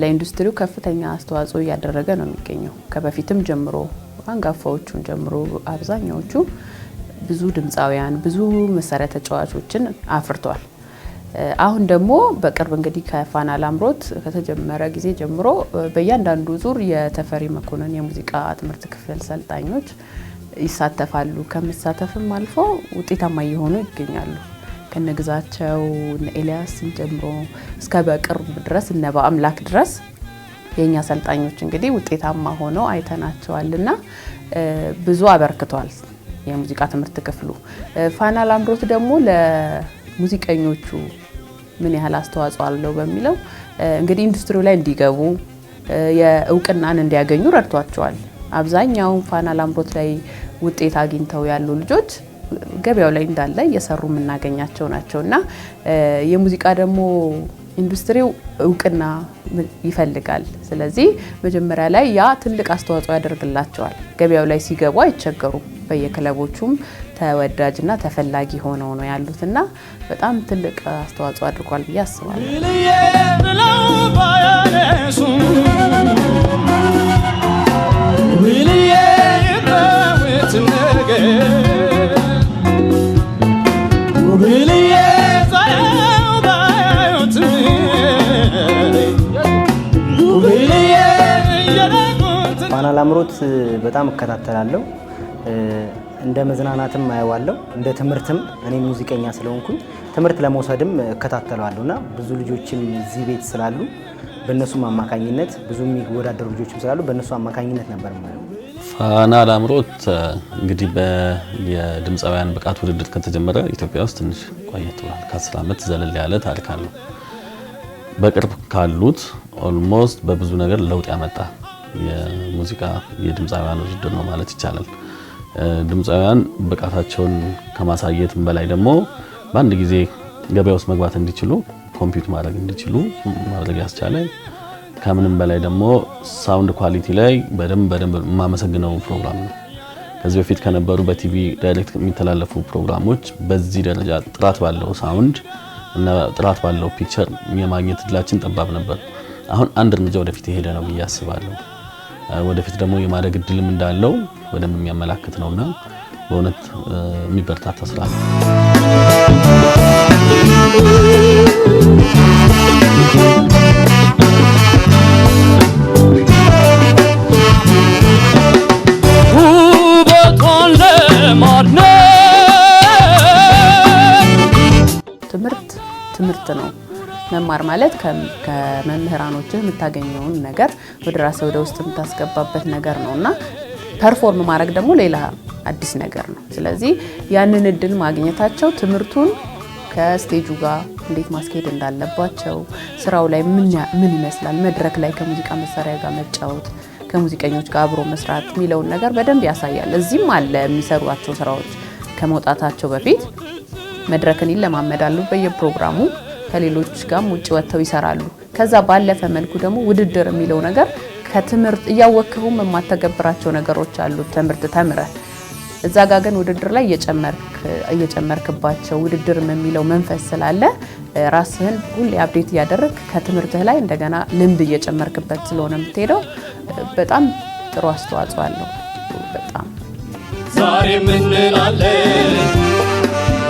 ለኢንዱስትሪው ከፍተኛ አስተዋጽኦ እያደረገ ነው የሚገኘው። ከበፊትም ጀምሮ አንጋፋዎቹን ጀምሮ አብዛኛዎቹ ብዙ ድምፃውያን፣ ብዙ መሳሪያ ተጫዋቾችን አፍርቷል። አሁን ደግሞ በቅርብ እንግዲህ ከፋና ላምሮት ከተጀመረ ጊዜ ጀምሮ በእያንዳንዱ ዙር የተፈሪ መኮንን የሙዚቃ ትምህርት ክፍል ሰልጣኞች ይሳተፋሉ። ከመሳተፍም አልፎ ውጤታማ እየሆኑ ይገኛሉ። ከነግዛቸው ኤልያስን ጀምሮ እስከ በቅርብ ድረስ እነ በአምላክ ድረስ የእኛ አሰልጣኞች እንግዲህ ውጤታማ ሆነው አይተናቸዋልና ብዙ አበርክቷል የሙዚቃ ትምህርት ክፍሉ። ፋና ላምሮት ደግሞ ለሙዚቀኞቹ ምን ያህል አስተዋጽኦ አለው በሚለው እንግዲህ ኢንዱስትሪው ላይ እንዲገቡ የእውቅናን እንዲያገኙ ረድቷቸዋል። አብዛኛውን ፋና ላምሮት ላይ ውጤት አግኝተው ያሉ ልጆች ገበያው ላይ እንዳለ እየሰሩ የምናገኛቸው ናቸው እና የሙዚቃ ደግሞ ኢንዱስትሪው እውቅና ይፈልጋል። ስለዚህ መጀመሪያ ላይ ያ ትልቅ አስተዋጽኦ ያደርግላቸዋል። ገበያው ላይ ሲገቡ አይቸገሩም። በየክለቦቹም ተወዳጅና ተፈላጊ ሆነው ነው ያሉት እና በጣም ትልቅ አስተዋጽኦ አድርጓል ብዬ አስባለሁ። ፋና ላምሮት በጣም እከታተላለሁ። እንደ መዝናናትም አየዋለሁ፣ እንደ ትምህርትም እኔ ሙዚቀኛ ስለሆንኩኝ ትምህርት ለመውሰድም እከታተለዋለሁ እና ብዙ ልጆችም እዚህ ቤት ስላሉ በእነሱም አማካኝነት ብዙ የሚወዳደሩ ልጆችም ስላሉ በእነሱ አማካኝነት ነበር ማለት ፋና ላምሮት እንግዲህ የድምፃውያን ብቃት ውድድር ከተጀመረ ኢትዮጵያ ውስጥ ትንሽ ቆየት ብሏል። ከአስር ዓመት ዘለል ያለ ታሪክ አለው። በቅርብ ካሉት ኦልሞስት በብዙ ነገር ለውጥ ያመጣ የሙዚቃ የድምፃውያን ውድድር ነው ማለት ይቻላል። ድምፃውያን ብቃታቸውን ከማሳየትም በላይ ደግሞ በአንድ ጊዜ ገበያ ውስጥ መግባት እንዲችሉ ኮምፒውት ማድረግ እንዲችሉ ማድረግ ያስቻለ ከምንም በላይ ደግሞ ሳውንድ ኳሊቲ ላይ በደንብ በደንብ የማመሰግነው ፕሮግራም ነው። ከዚህ በፊት ከነበሩ በቲቪ ዳይሬክት የሚተላለፉ ፕሮግራሞች በዚህ ደረጃ ጥራት ባለው ሳውንድ እና ጥራት ባለው ፒክቸር የማግኘት እድላችን ጠባብ ነበር። አሁን አንድ እርምጃ ወደፊት የሄደ ነው ብዬ አስባለሁ። ወደፊት ደግሞ የማደግ እድልም እንዳለው በደንብ የሚያመላክት ነውና በእውነት የሚበረታታ ስራ ነው። ትምህርት ትምህርት ነው። መማር ማለት ከመምህራኖችህ የምታገኘውን ነገር ወደ ራስህ ወደ ውስጥ የምታስገባበት ነገር ነው እና ፐርፎርም ማድረግ ደግሞ ሌላ አዲስ ነገር ነው። ስለዚህ ያንን እድል ማግኘታቸው ትምህርቱን ከስቴጁ ጋር እንዴት ማስኬድ እንዳለባቸው ስራው ላይ ምን ይመስላል፣ መድረክ ላይ ከሙዚቃ መሳሪያ ጋር መጫወት፣ ከሙዚቀኞች ጋር አብሮ መስራት የሚለውን ነገር በደንብ ያሳያል። እዚህም አለ የሚሰሯቸው ስራዎች ከመውጣታቸው በፊት መድረክን ይለማመዳሉ በየፕሮግራሙ ከሌሎች ጋርም ውጭ ወጥተው ይሰራሉ። ከዛ ባለፈ መልኩ ደግሞ ውድድር የሚለው ነገር ከትምህርት እያወቅኸውም የማተገብራቸው ነገሮች አሉ። ትምህርት ተምረህ እዛ ጋ ግን ውድድር ላይ እየጨመርክባቸው ውድድር የሚለው መንፈስ ስላለ ራስህን ሁሌ አብዴት እያደረግ ከትምህርትህ ላይ እንደገና ልምድ እየጨመርክበት ስለሆነ የምትሄደው በጣም ጥሩ አስተዋጽኦ አለው። በጣም ዛሬ ምንላለን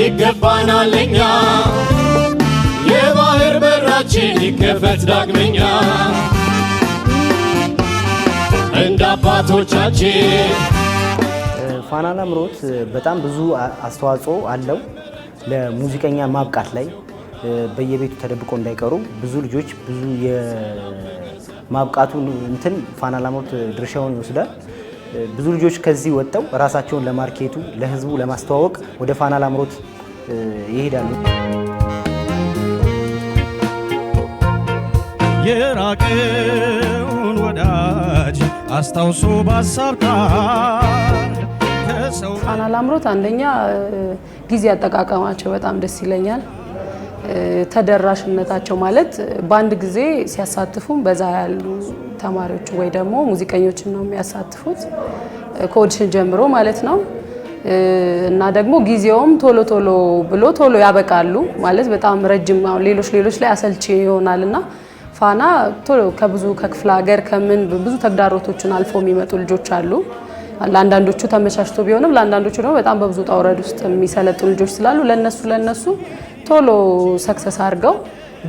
ይገባናል እኛ አይኖቼ ይከፈት ዳግመኛ እንደ አባቶቻችን። ፋና ላምሮት በጣም ብዙ አስተዋጽኦ አለው ለሙዚቀኛ ማብቃት ላይ በየቤቱ ተደብቆ እንዳይቀሩ ብዙ ልጆች ብዙ የማብቃቱ እንትን ፋና ላምሮት ድርሻውን ይወስዳል። ብዙ ልጆች ከዚህ ወጥተው ራሳቸውን ለማርኬቱ ለህዝቡ ለማስተዋወቅ ወደ ፋና ላምሮት ይሄዳሉ። የራቀውን ወዳጅ አስታውሶ ባሳብታ ጣና ላምሮት አንደኛ ጊዜ አጠቃቀማቸው በጣም ደስ ይለኛል። ተደራሽነታቸው ማለት በአንድ ጊዜ ሲያሳትፉም በዛ ያሉ ተማሪዎች ወይ ደግሞ ሙዚቀኞችን ነው የሚያሳትፉት ከኦዲሽን ጀምሮ ማለት ነው። እና ደግሞ ጊዜውም ቶሎ ቶሎ ብሎ ቶሎ ያበቃሉ ማለት በጣም ረጅም ሌሎች ሌሎች ላይ አሰልቺ ይሆናል እና ፋና ቶሎ ከብዙ ከክፍለ ሀገር ከምን ብዙ ተግዳሮቶችን አልፎ የሚመጡ ልጆች አሉ። ለአንዳንዶቹ ተመቻችቶ ቢሆንም ለአንዳንዶቹ ደግሞ በጣም በብዙ ጣውረድ ውስጥ የሚሰለጡ ልጆች ስላሉ ለነሱ ለነሱ ቶሎ ሰክሰስ አድርገው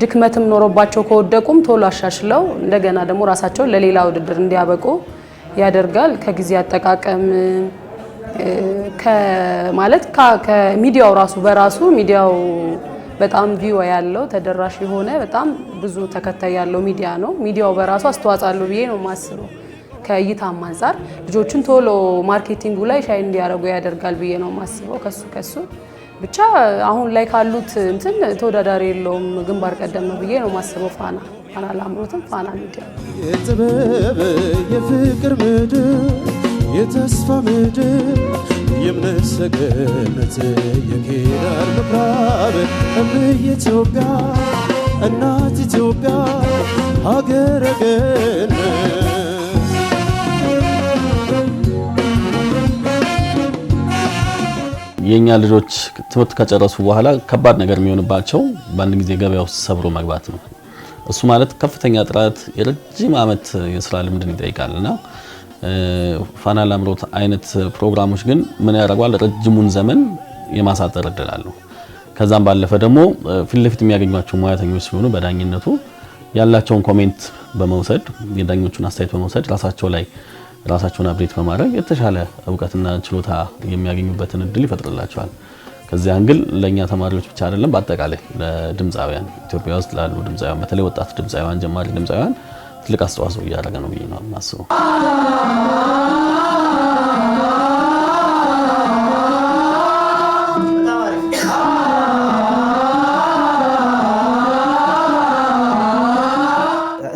ድክመትም ኖሮባቸው ከወደቁም ቶሎ አሻሽለው እንደገና ደግሞ ራሳቸውን ለሌላ ውድድር እንዲያበቁ ያደርጋል። ከጊዜ አጠቃቀም ማለት ከሚዲያው ራሱ በራሱ ሚዲያው በጣም ቪው ያለው ተደራሽ የሆነ በጣም ብዙ ተከታይ ያለው ሚዲያ ነው። ሚዲያው በራሱ አስተዋጽኦ አለው ብዬ ነው የማስበው። ከእይታም አንጻር ልጆቹን ቶሎ ማርኬቲንጉ ላይ ሻይ እንዲያደርጉ ያደርጋል ብዬ ነው የማስበው። ከሱ ከሱ ብቻ አሁን ላይ ካሉት እንትን ተወዳዳሪ የለውም፣ ግንባር ቀደም ነው ብዬ ነው የማስበው። ፋና ፋና ላምሮትም ፋና ሚዲያ የጥበብ የፍቅር ምድር የተስፋ ምድር ይመስገነት የኬዳር እምዬ ኢትዮጵያ እናት ኢትዮጵያ ሀገረ ገነት ልጆች ትምህርት ከጨረሱ በኋላ ከባድ ነገር የሚሆንባቸው በአንድ ጊዜ ገበያ ውስጥ ሰብሮ መግባት ነው። እሱ ማለት ከፍተኛ ጥራት የረጅም ዓመት የስራ ልምድን ይጠይቃል እና ፋና ላምሮት አይነት ፕሮግራሞች ግን ምን ያደርገዋል? ረጅሙን ዘመን የማሳጠር እድል አለው። ከዛም ባለፈ ደግሞ ፊት ለፊት የሚያገኟቸው ሙያተኞች ሲሆኑ በዳኝነቱ ያላቸውን ኮሜንት በመውሰድ የዳኞቹን አስተያየት በመውሰድ ራሳቸው ላይ ራሳቸውን አብዴት በማድረግ የተሻለ እውቀትና ችሎታ የሚያገኙበትን እድል ይፈጥርላቸዋል። ከዚህ አንግል ለእኛ ተማሪዎች ብቻ አይደለም፣ በአጠቃላይ ለድምፃውያን ኢትዮጵያ ውስጥ ላሉ ድምፃውያን በተለይ ወጣት ድምፃውያን፣ ጀማሪ ድምፃውያን ትልቅ አስተዋጽኦ እያደረገ ነው ብዬ ነው የማስበው።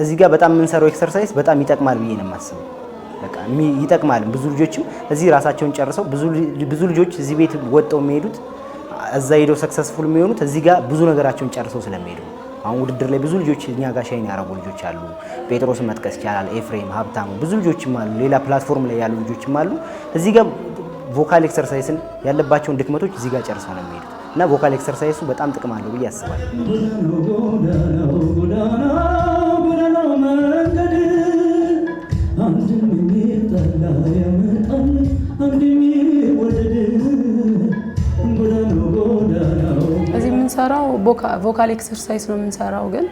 እዚህ ጋር በጣም የምንሰራው ኤክሰርሳይዝ በጣም ይጠቅማል ብዬ ነው የማስበው። በቃ ይጠቅማል። ብዙ ልጆችም እዚህ ራሳቸውን ጨርሰው ብዙ ልጆች እዚህ ቤት ወጥተው የሚሄዱት እዛ ሄደው ሰክሰስፉል የሚሆኑት እዚህ ጋር ብዙ ነገራቸውን ጨርሰው ስለሚሄዱ አሁን ውድድር ላይ ብዙ ልጆች እኛ ጋር ሻይን ያደረጉ ልጆች አሉ። ጴጥሮስን መጥቀስ ይቻላል። ኤፍሬም ሀብታሙ፣ ብዙ ልጆችም አሉ። ሌላ ፕላትፎርም ላይ ያሉ ልጆችም አሉ። እዚህ ጋር ቮካል ኤክሰርሳይስን ያለባቸውን ድክመቶች እዚህ ጋር ጨርሰው ነው የሚሄዱት እና ቮካል ኤክሰርሳይሱ በጣም ጥቅም አለው ብዬ አስባለሁ። የምንሰራው ቮካል ኤክሰርሳይዝ ነው የምንሰራው። ግን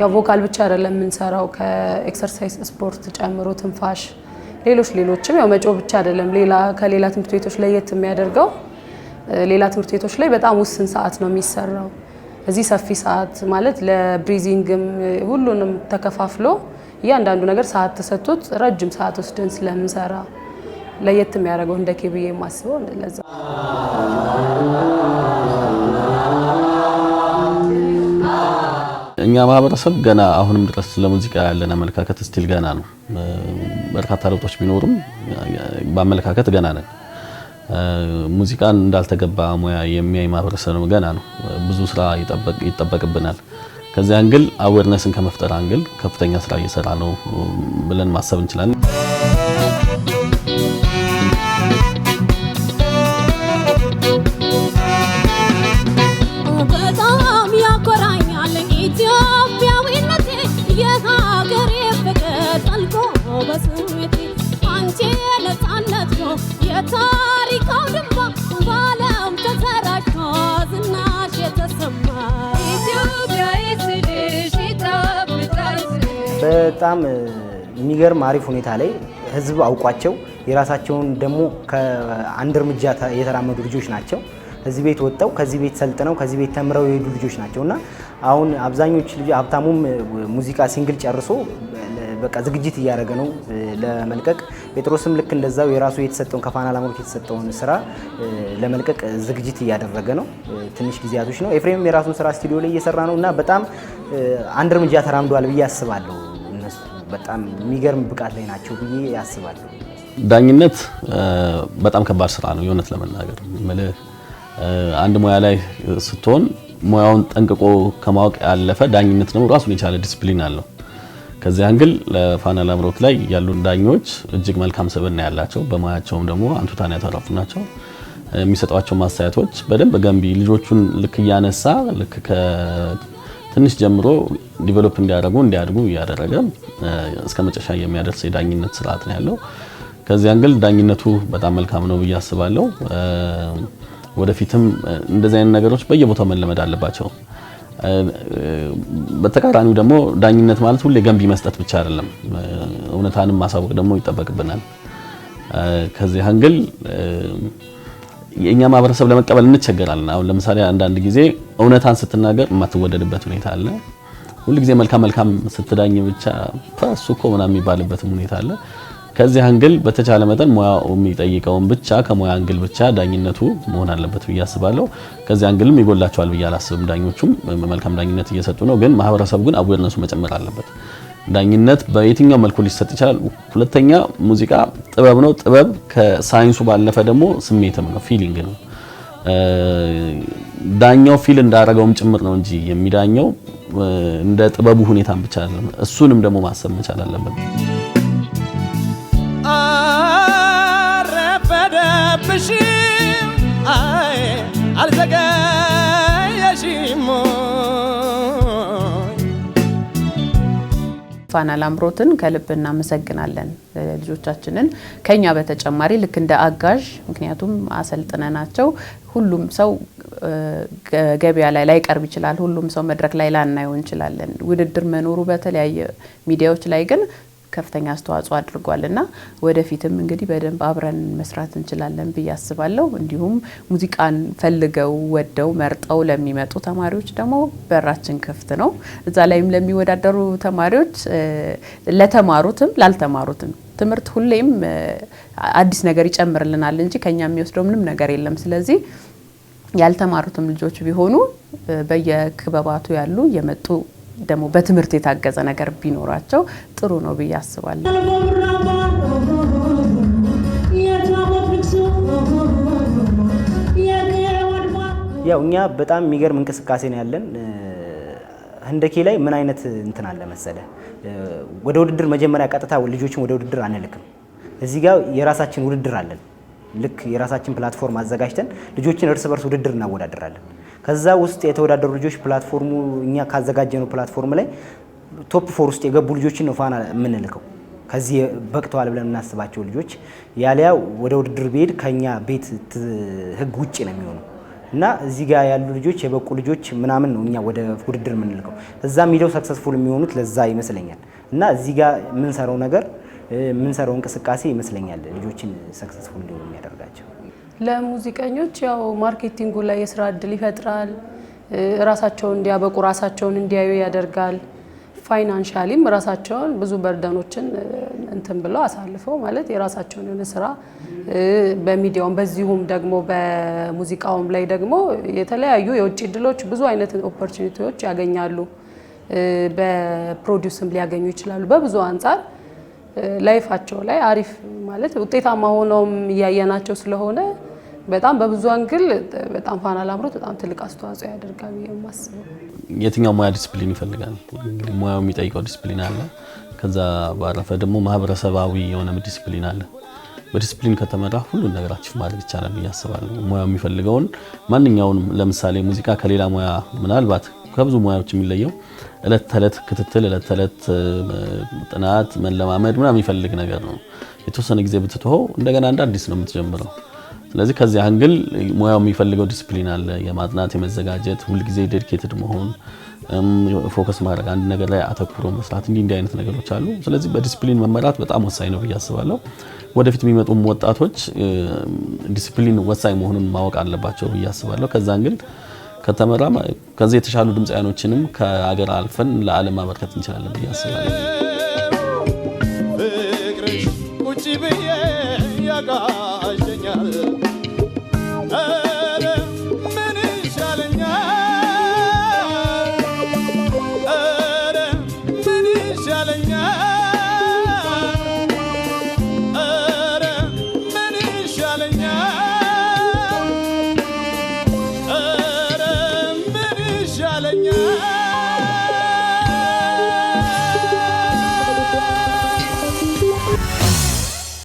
ያው ቮካል ብቻ አይደለም የምንሰራው ከኤክሰርሳይዝ ስፖርት ጨምሮ ትንፋሽ፣ ሌሎች ሌሎችም ያው መጮ ብቻ አይደለም። ሌላ ከሌላ ትምህርት ቤቶች ለየት የሚያደርገው ሌላ ትምህርት ቤቶች ላይ በጣም ውስን ሰዓት ነው የሚሰራው። እዚህ ሰፊ ሰዓት ማለት ለብሪዚንግም ሁሉንም ተከፋፍሎ እያንዳንዱ ነገር ሰዓት ተሰጥቶት ረጅም ሰዓት ወስደን ስለምንሰራ ለየት የሚያደርገው እንደ ኬብዬ የማስበው ለዛ ማህበረሰብ ገና አሁንም ድረስ ለሙዚቃ ያለን አመለካከት ስቲል ገና ነው። በርካታ ለውጦች ቢኖሩም በአመለካከት ገና ነን። ሙዚቃን እንዳልተገባ ሙያ የሚያይ ማህበረሰብ ገና ነው። ብዙ ስራ ይጠበቅብናል። ከዚያ አንግል አዌርነስን ከመፍጠር አንግል ከፍተኛ ስራ እየሰራ ነው ብለን ማሰብ እንችላለን። በጣም የሚገርም አሪፍ ሁኔታ ላይ ህዝብ አውቋቸው የራሳቸውን ደግሞ ከአንድ እርምጃ የተራመዱ ልጆች ናቸው። ከዚህ ቤት ወጥተው ከዚህ ቤት ሰልጥነው ከዚህ ቤት ተምረው የሄዱ ልጆች ናቸው እና አሁን አብዛኞቹ ልጅ ሀብታሙም ሙዚቃ ሲንግል ጨርሶ በቃ ዝግጅት እያደረገ ነው ለመልቀቅ። ጴጥሮስም ልክ እንደዛው የራሱ የተሰጠውን ከፋና ላምሮት የተሰጠውን ስራ ለመልቀቅ ዝግጅት እያደረገ ነው። ትንሽ ጊዜያቶች ነው። ኤፍሬምም የራሱን ስራ ስቱዲዮ ላይ እየሰራ ነው እና በጣም አንድ እርምጃ ተራምዷል ብዬ አስባለሁ። በጣም የሚገርም ብቃት ላይ ናቸው ብዬ ያስባለሁ። ዳኝነት በጣም ከባድ ስራ ነው። የእውነት ለመናገር ምልህ አንድ ሙያ ላይ ስትሆን ሙያውን ጠንቅቆ ከማወቅ ያለፈ ዳኝነት ደግሞ ራሱን የቻለ ዲስፕሊን አለው። ከዚህ አንግል ለፋና ላምሮት ላይ ያሉን ዳኞች እጅግ መልካም ስብዕና ያላቸው በሙያቸውም ደግሞ አንቱታን ያተረፉ ናቸው። የሚሰጧቸው ማስተያየቶች በደንብ ገንቢ ልጆቹን ልክ እያነሳ ልክ ትንሽ ጀምሮ ዲቨሎፕ እንዲያደርጉ እንዲያድጉ እያደረገ እስከ መጨረሻ የሚያደርስ የዳኝነት ስርዓት ነው ያለው። ከዚህ አንግል ዳኝነቱ በጣም መልካም ነው ብዬ አስባለሁ። ወደፊትም እንደዚህ አይነት ነገሮች በየቦታው መለመድ አለባቸው። በተቃራኒው ደግሞ ዳኝነት ማለት ሁሌ ገንቢ መስጠት ብቻ አይደለም፣ እውነታንም ማሳወቅ ደግሞ ይጠበቅብናል። ከዚህ አንግል የእኛ ማህበረሰብ ለመቀበል እንቸገራለን። አሁን ለምሳሌ አንዳንድ ጊዜ እውነታን ስትናገር የማትወደድበት ሁኔታ አለ። ሁልጊዜ መልካም መልካም ስትዳኝ ብቻ እሱ እኮ ምናምን የሚባልበትም ሁኔታ አለ። ከዚህ አንግል በተቻለ መጠን ሙያ የሚጠይቀውን ብቻ ከሙያ አንግል ብቻ ዳኝነቱ መሆን አለበት ብዬ አስባለሁ። ከዚህ አንግልም ይጎላቸዋል ብዬ አላስብም። ዳኞቹም መልካም ዳኝነት እየሰጡ ነው፣ ግን ማህበረሰቡ ግን አዌርነሱ መጨመር አለበት። ዳኝነት በየትኛው መልኩ ሊሰጥ ይችላል። ሁለተኛ ሙዚቃ ጥበብ ነው። ጥበብ ከሳይንሱ ባለፈ ደግሞ ስሜትም ነው፣ ፊሊንግ ነው። ዳኛው ፊል እንዳደረገውም ጭምር ነው እንጂ የሚዳኘው እንደ ጥበቡ ሁኔታን ብቻ አይደለም። እሱንም ደግሞ ማሰብ መቻል አለብን። አረፈደብሽ አልዘጋ ፋና ላምሮትን ከልብ እናመሰግናለን። ልጆቻችንን ከኛ በተጨማሪ ልክ እንደ አጋዥ ምክንያቱም አሰልጥነናቸው ሁሉም ሰው ገበያ ላይ ላይቀርብ ይችላል። ሁሉም ሰው መድረክ ላይ ላናየው እንችላለን። ውድድር መኖሩ በተለያየ ሚዲያዎች ላይ ግን ከፍተኛ አስተዋጽኦ አድርጓል ወደፊትም እንግዲህ በደንብ አብረን መስራት እንችላለን ብዬ አስባለሁ። እንዲሁም ሙዚቃን ፈልገው ወደው መርጠው ለሚመጡ ተማሪዎች ደግሞ በራችን ክፍት ነው። እዛ ላይም ለሚወዳደሩ ተማሪዎች ለተማሩትም ላልተማሩትም ትምህርት ሁሌም አዲስ ነገር ይጨምርልናል እንጂ ከኛ የሚወስደው ምንም ነገር የለም። ስለዚህ ያልተማሩትም ልጆች ቢሆኑ በየክበባቱ ያሉ የመጡ ደግሞ በትምህርት የታገዘ ነገር ቢኖራቸው ጥሩ ነው ብዬ አስባለሁ። ያው እኛ በጣም የሚገርም እንቅስቃሴ ነው ያለን። ህንደኬ ላይ ምን አይነት እንትን አለ መሰለ፣ ወደ ውድድር መጀመሪያ ቀጥታ ልጆችን ወደ ውድድር አንልክም። እዚህ ጋር የራሳችን ውድድር አለን። ልክ የራሳችን ፕላትፎርም አዘጋጅተን ልጆችን እርስ በርስ ውድድር እናወዳድራለን። ከዛ ውስጥ የተወዳደሩ ልጆች ፕላትፎርሙ እኛ ካዘጋጀነው ፕላትፎርም ላይ ቶፕ ፎር ውስጥ የገቡ ልጆችን ነው ፋና የምንልከው። ከዚህ በቅተዋል ብለን የምናስባቸው ልጆች ያሊያ ወደ ውድድር ቢሄድ ከኛ ቤት ህግ ውጭ ነው የሚሆኑ እና እዚህ ጋር ያሉ ልጆች የበቁ ልጆች ምናምን ነው እኛ ወደ ውድድር የምንልከው። እዛ ሄደው ሰክሰስፉል የሚሆኑት ለዛ ይመስለኛል። እና እዚህ ጋር የምንሰራው ነገር የምንሰራው እንቅስቃሴ ይመስለኛል ልጆችን ሰክሰስፉል እንዲሆኑ የሚያደርጋቸው። ለሙዚቀኞች ያው ማርኬቲንጉ ላይ የስራ እድል ይፈጥራል። ራሳቸውን እንዲያበቁ ራሳቸውን እንዲያዩ ያደርጋል። ፋይናንሻሊም ራሳቸውን ብዙ በርደኖችን እንትን ብለው አሳልፈው ማለት የራሳቸውን የሆነ ስራ በሚዲያውም በዚሁም ደግሞ በሙዚቃውም ላይ ደግሞ የተለያዩ የውጭ እድሎች ብዙ አይነት ኦፖርቹኒቲዎች ያገኛሉ። በፕሮዲውስም ሊያገኙ ይችላሉ። በብዙ አንጻር ላይፋቸው ላይ አሪፍ ማለት ውጤታማ ሆነውም እያየናቸው ስለሆነ በጣም በብዙ አንግል በጣም ፋና ላምሮት በጣም ትልቅ አስተዋጽኦ ያደርጋል ብዬ የማስበው የትኛው ሙያ ዲስፕሊን ይፈልጋል። እንግዲህ ሙያው የሚጠይቀው ዲስፕሊን አለ። ከዛ ባረፈ ደግሞ ማህበረሰባዊ የሆነ ዲስፕሊን አለ። በዲስፕሊን ከተመራ ሁሉን ነገር አቺቭ ማድረግ ይቻላል ብዬ ሙያው የሚፈልገውን ማንኛውም ለምሳሌ ሙዚቃ ከሌላ ሙያ ምናልባት ከብዙ ሙያዎች የሚለየው እለት ተዕለት ክትትል፣ እለት ተዕለት ጥናት፣ መለማመድ ምናምን የሚፈልግ ነገር ነው። የተወሰነ ጊዜ ብትትሆ እንደገና እንደ አዲስ ነው የምትጀምረው። ስለዚህ ከዚህ አንግል ሙያው የሚፈልገው ዲስፕሊን አለ፣ የማጥናት የመዘጋጀት፣ ሁልጊዜ ዴዲኬትድ መሆን፣ ፎከስ ማድረግ፣ አንድ ነገር ላይ አተኩሮ መስራት፣ እንዲህ እንዲህ አይነት ነገሮች አሉ። ስለዚህ በዲስፕሊን መመራት በጣም ወሳኝ ነው ብዬ አስባለሁ። ወደፊት የሚመጡም ወጣቶች ዲስፕሊን ወሳኝ መሆኑን ማወቅ አለባቸው ብዬ አስባለሁ። ከዛ አንግል ከተመራ ከዚህ የተሻሉ ድምፃያኖችንም ከሀገር አልፈን ለዓለም ማበርከት እንችላለን ብዬ አስባለሁ።